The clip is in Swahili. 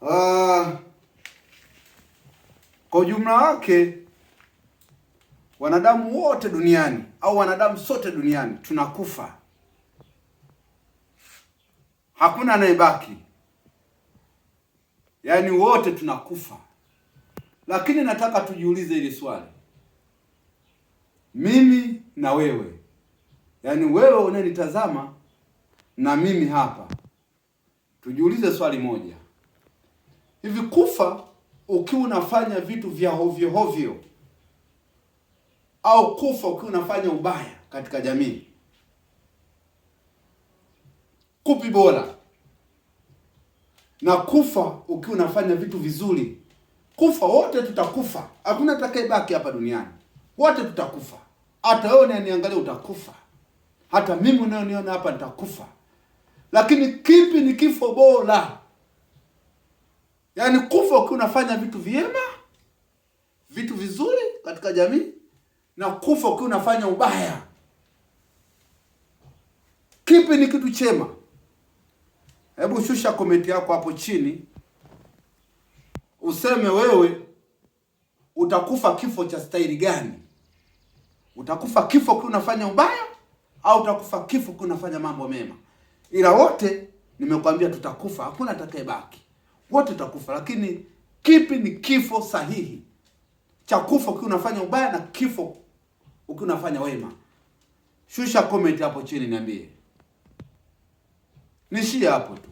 Uh, kwa ujumla wake wanadamu wote duniani au wanadamu sote duniani tunakufa, hakuna anayebaki, yaani wote tunakufa. Lakini nataka tujiulize hili swali, mimi na wewe, yaani wewe unayenitazama na mimi hapa, tujiulize swali moja. Hivi kufa ukiwa unafanya vitu vya hovyo hovyo au kufa ukiwa unafanya ubaya katika jamii, kupi bora na kufa ukiwa unafanya vitu vizuri? Kufa wote tutakufa, hakuna atakayebaki hapa duniani, wote tutakufa. Hata wewe unaniangalia utakufa, hata mimi unayoniona hapa nitakufa. Lakini kipi ni kifo bora? Yaani kufa ukiwa unafanya vitu vyema, vitu vizuri katika jamii na kufa ukiwa unafanya ubaya. Kipi ni kitu chema? Hebu shusha komenti yako hapo chini, useme wewe utakufa kifo cha staili gani? Utakufa kifo ukiwa unafanya ubaya au utakufa kifo ukiwa unafanya mambo mema? Ila wote nimekuambia tutakufa, hakuna atakayebaki wote tutakufa, lakini kipi ni kifo sahihi cha kufa ukiwa unafanya ubaya na kifo ukiwa unafanya wema? Shusha comment hapo chini, niambie. Nishie hapo tu.